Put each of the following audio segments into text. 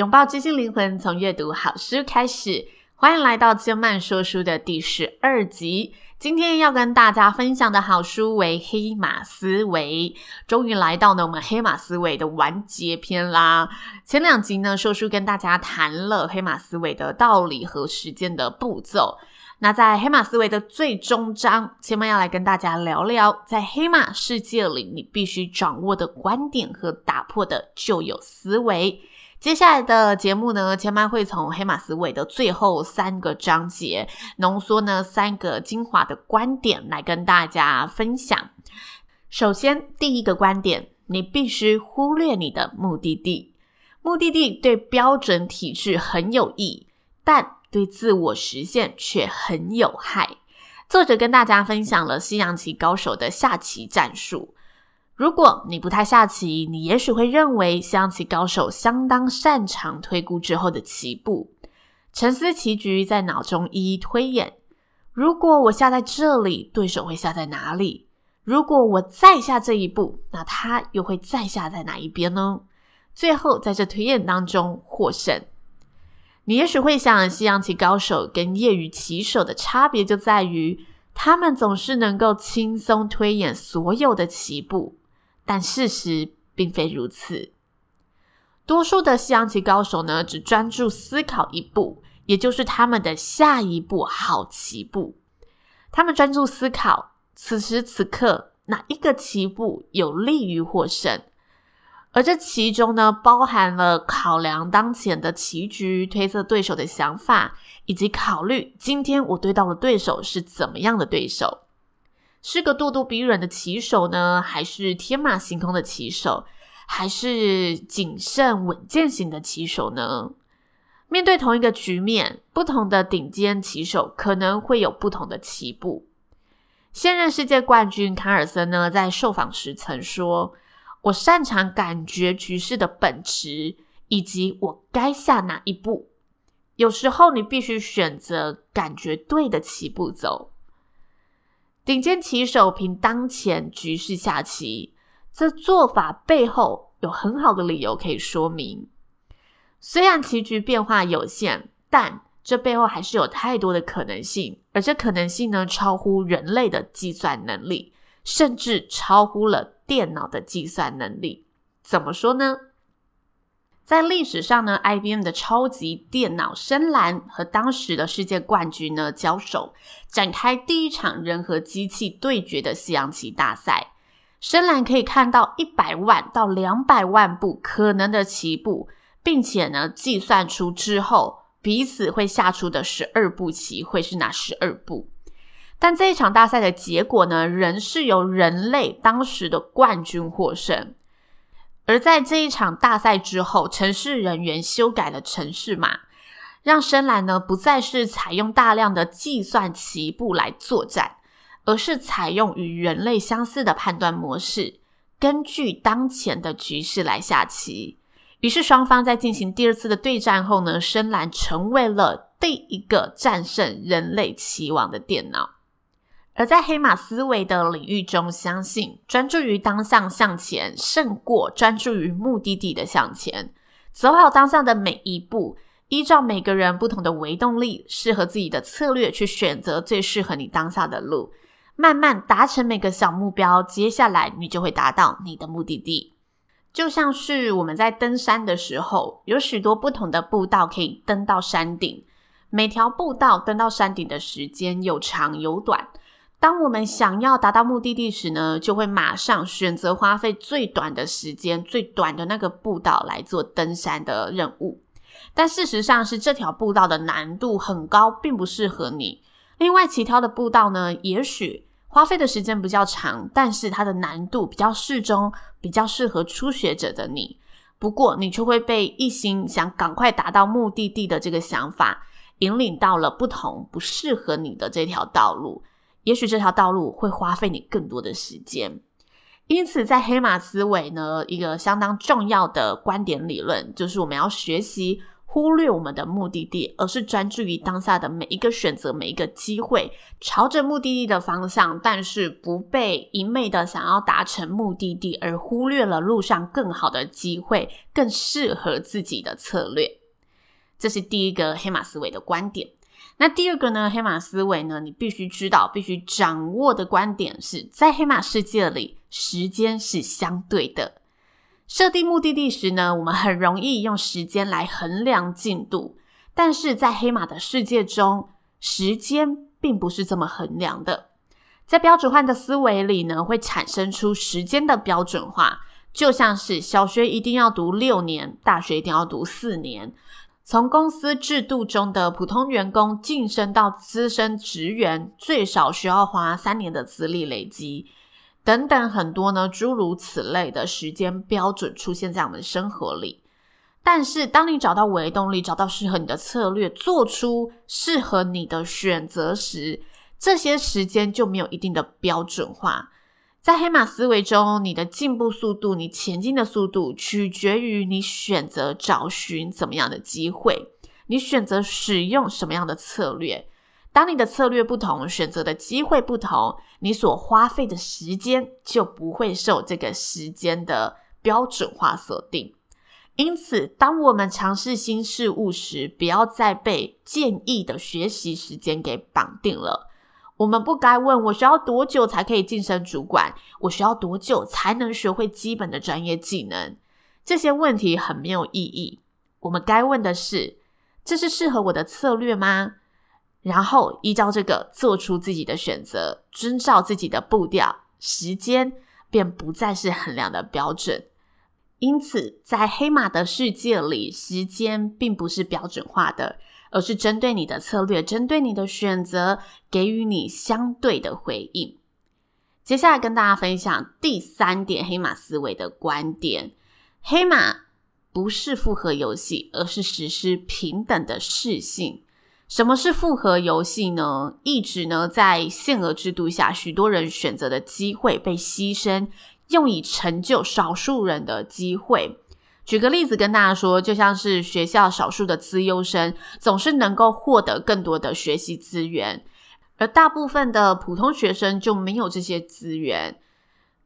擁抱知性靈魂，從閱讀好書開始。歡迎來到千嫚說書的第十二集。今天要跟大家分享的好書為《黑馬思維》。終於來到了我們《黑馬思維》的完結篇啦。前兩集呢，說書跟大家談了黑馬思維的道理和實踐的步驟。那在《黑馬思維》的最終章，千嫚要來跟大家聊聊，在黑馬世界裡你必須掌握的觀點和打破的舊有思維。接下來的節目呢，千嫚會從《黑馬思維》的最後三個章節濃縮呢三個精華的觀點來跟大家分享。首先，第一個觀點，你必須忽略你的目的地。目的地對標準體制很有益，但對自我實現卻很有害。作者跟大家分享了西洋棋高手的下棋戰術。如果你不太下棋，你也許會認為西洋棋高手相當擅長推估之後的棋步，沉思棋局在腦中一一推演。如果我下在這裡，對手會下在哪裡？如果我再下這一步，那他又會再下在哪一邊呢？最後在這推演當中獲勝。你也許會想，西洋棋高手跟業餘棋手的差別就在於，他們總是能夠輕鬆推演所有的棋步。但事實並非如此。多數的西洋棋高手呢，只專注思考一步，也就是他們的下一步好棋步。他們專注思考此時此刻哪一個棋步有利於獲勝，而這其中呢，包含了考量當前的棋局、推測對手的想法，以及考慮今天我對到的對手是怎麼樣的對手。是個咄咄逼人的棋手呢，還是天馬行空的棋手，還是謹慎穩健型的棋手呢？面對同一個局面，不同的頂尖棋手可能會有不同的棋步。現任世界冠軍卡爾森呢，在受訪時曾說：“我擅長感覺局勢的本質，以及我該下哪一步。有時候，你必須選擇感覺對的棋步走。”頂尖棋手憑當前局勢下棋，這做法背後有很好的理由可以說明。雖然棋局變化有限，但這背後還是有太多的可能性，而這可能性呢，超乎人類的計算能力，甚至超乎了電腦的計算能力。怎麼說呢？在歷史上呢，IBM 的超級電腦深藍和當時的世界冠軍呢交手，展開第一場人和機器對決的西洋棋大賽。深藍可以看到一百萬到兩百萬步可能的棋步，並且呢計算出之後，彼此會下出的十二步棋，會是哪十二步。但這一場大賽的結果呢，仍是由人類當時的冠軍獲勝。而在這一場大賽之後，程式人員修改了程式碼，讓深藍呢不再是採用大量的計算棋步來作戰，而是採用與人類相似的判斷模式，根據當前的局勢來下棋。於是雙方在進行第二次的對戰後呢，深藍成為了第一個戰勝人類棋王的電腦。而在黑馬思維的領域中，相信專注於當下向前，勝過專注於目的地的向前。走好當下的每一步，依照每個人不同的微動力，適合自己的策略去選擇最適合你當下的路，慢慢達成每個小目標。接下來，你就會達到你的目的地。就像是我們在登山的時候，有許多不同的步道可以登到山頂，每條步道登到山頂的時間有長有短。當我們想要達到目的地時呢，就會馬上選擇花費最短的時間、最短的那個步道來做登山的任務。但事實上是這條步道的難度很高，並不適合你。另外，其他的步道呢，也許花費的時間比較長，但是它的難度比較適中，比較適合初學者的你。不過，你卻會被一心想趕快達到目的地的這個想法，引領到了不同，不適合你的這條道路。也許這條道路會花費你更多的時間，因此在黑馬思維呢，一個相當重要的觀點理論就是我們要學習忽略我們的目的地，而是專注於當下的每一個選擇、每一個機會，朝着目的地的方向，但是不被一昧的想要達成目的地而忽略了路上更好的機會、更適合自己的策略。這是第一個黑馬思維的觀點。那第二個呢，黑馬思維呢，你必須知道、必須掌握的觀點是在黑馬世界裡，時間是相對的。設定目的地時呢，我們很容易用時間來衡量進度，但是在黑馬的世界中，時間並不是這麼衡量的。在標準化的思維裡呢，會產生出時間的標準化，就像是小學一定要讀六年，大學一定要讀四年。從公司制度中的普通員工晉升到資深職員，最少需要花三年的資歷累積，等等很多呢，諸如此類的時間標準出現在我們的生活裡。但是，當你找到微動力，找到適合你的策略，做出適合你的選擇時，這些時間就沒有一定的標準化。在黑馬思維中，你的進步速度、你前進的速度，取決於你選擇找尋怎麼樣的機會，你選擇使用什麼樣的策略。當你的策略不同，選擇的機會不同，你所花費的時間就不會受這個時間的標準化鎖定。因此，當我們嘗試新事物時，不要再被建議的學習時間給綁定了。我們不該問，我需要多久才可以晉升主管，我需要多久才能學會基本的專業技能。這些問題很沒有意義。我們該問的是：這是適合我的策略嗎？然後依照這個做出自己的選擇，遵照自己的步調，時間便不再是衡量的標準。因此，在黑馬的世界裡，時間並不是標準化的。而是針對你的策略，針對你的選擇，給予你相對的回應。接下來跟大家分享第三點黑馬思維的觀點：黑馬不是複合遊戲，而是實施平等的適性。什麼是複合遊戲呢？一直呢，在限額制度下，許多人選擇的機會被犧牲，用以成就少數人的機會。舉個例子跟大家說，就像是學校少數的資優生總是能夠獲得更多的學習資源，而大部分的普通學生就沒有這些資源。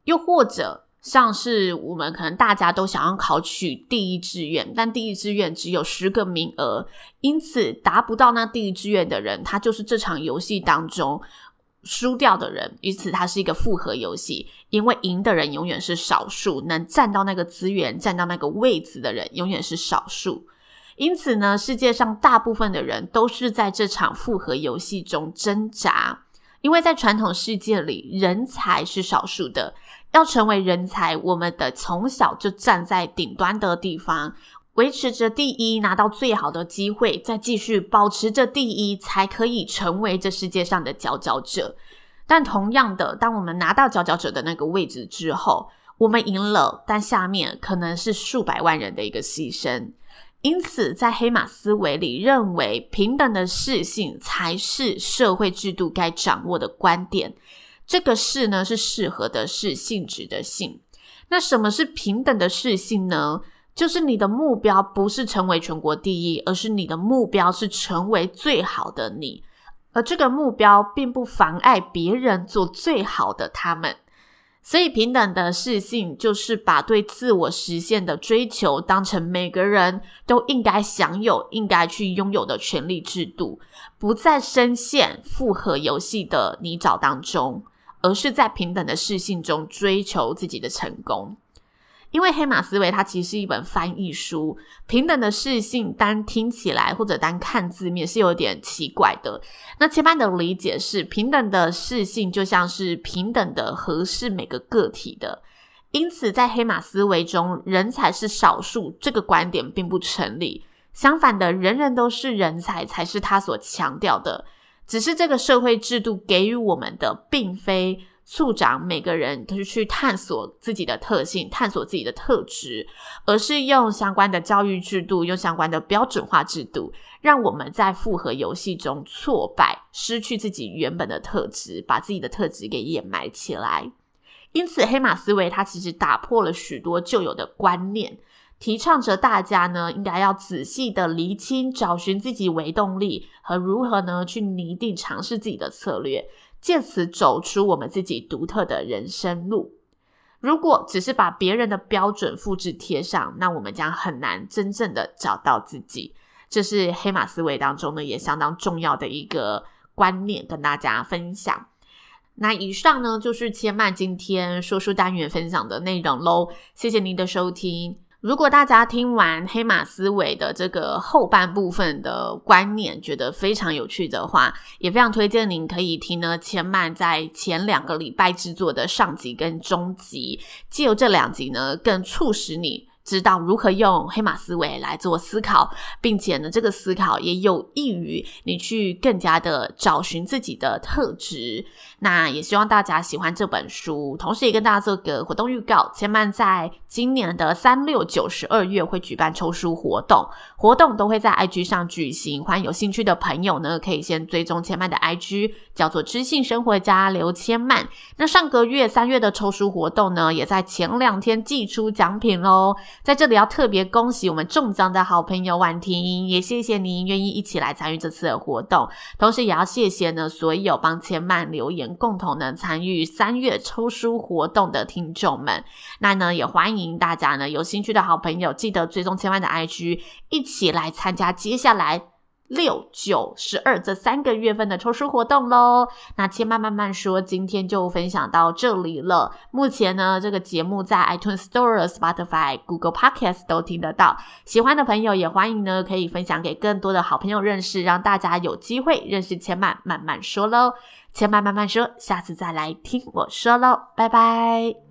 又或者像是我們可能大家都想要考取第一志願，但第一志願只有十個名額，因此達不到那第一志願的人，他就是這場遊戲當中。輸掉的人。於此，它是一個複合遊戲，因為贏的人永遠是少數，能占到那個資源、占到那個位置的人永遠是少數。因此呢，世界上大部分的人都是在這場複合遊戲中掙扎，因為在傳統世界裡，人才是少數的，要成為人才，我們得從小就站在頂端的地方，維持着第一，拿到最好的機會，再繼續保持着第一，才可以成為這世界上的佼佼者。但同樣的，當我們拿到佼佼者的那個位置之後，我們贏了，但下面可能是數百萬人的一個犧牲。因此，在黑馬思維裡，認為平等的適性才是社會制度該掌握的觀點。這個適呢，是適合的適，性質的性。那什麼是平等的適性呢？就是你的目標不是成為全國第一，而是你的目標是成為最好的你，而這個目標並不妨礙別人做最好的他們。所以，平等的適性就是把對自我實現的追求當成每個人都應該享有、應該去擁有的權利制度，不再深陷複合遊戲的泥沼當中，而是在平等的適性中追求自己的成功。因為黑馬思維，它其實是一本翻譯書，平等的適性單聽起來或者單看字面是有點奇怪的。那千嫚的理解是，平等的適性就像是平等的合適每個個體的，因此在黑馬思維中，人才是少數這個觀點並不成立。相反的，人人都是人才才是他所強調的，只是這個社會制度給予我們的並非，促長每個人都是去探索自己的特性，探索自己的特質，而是用相關的教育制度，用相關的標準化制度，讓我們在複合遊戲中挫敗，失去自己原本的特質，把自己的特質給掩埋起來。因此，黑馬思維它其實打破了許多舊有的觀念，提倡着大家呢，應該要仔細地釐清，找尋自己微動力，和如何呢去擬定嘗試自己的策略。借此走出我們自己獨特的人生路。如果只是把別人的標準複製貼上，那我們將很難真正的找到自己。這是黑馬思維當中呢，也相當重要的一個觀念，跟大家分享。那以上呢，就是千嫚今天說書單元分享的內容嘍。謝謝您的收聽。如果大家聽完黑馬思維的這個後半部分的觀念，覺得非常有趣的話，也非常推薦您可以聽呢，千嫚在前兩個禮拜製作的上集跟中集，借由這兩集呢，更促使你。知道如何用黑馬思維來做思考，並且呢，這個思考也有益於你去更加的找尋自己的特質。那也希望大家喜歡這本書，同時也跟大家做個活動預告：千嫚在今年的三六九十二月會舉辦抽書活動，活動都會在 IG 上舉行，歡迎有興趣的朋友呢，可以先追蹤千嫚的 IG，叫做知性生活家劉千嫚。那上個月三月的抽書活動呢，也在前兩天寄出獎品嘍。在這裡要特別恭喜我們中獎的好朋友婉婷，也謝謝您願意一起來參與這次的活動。同時也要謝謝呢所有幫千嫚留言共同呢參與三月抽書活動的聽眾們。那呢也歡迎大家呢有興趣的好朋友記得追蹤千嫚的 IG，一起來參加接下來。六九十二這三個月份的抽書活動嘍，那千嫚慢慢說，今天就分享到這裡了。目前呢，這個節目在 iTunes Store、Spotify、Google Podcast 都聽得到。喜歡的朋友也歡迎呢，可以分享給更多的好朋友認識，讓大家有機會認識千嫚慢慢說嘍。千嫚慢慢說，下次再來聽我說嘍，拜拜。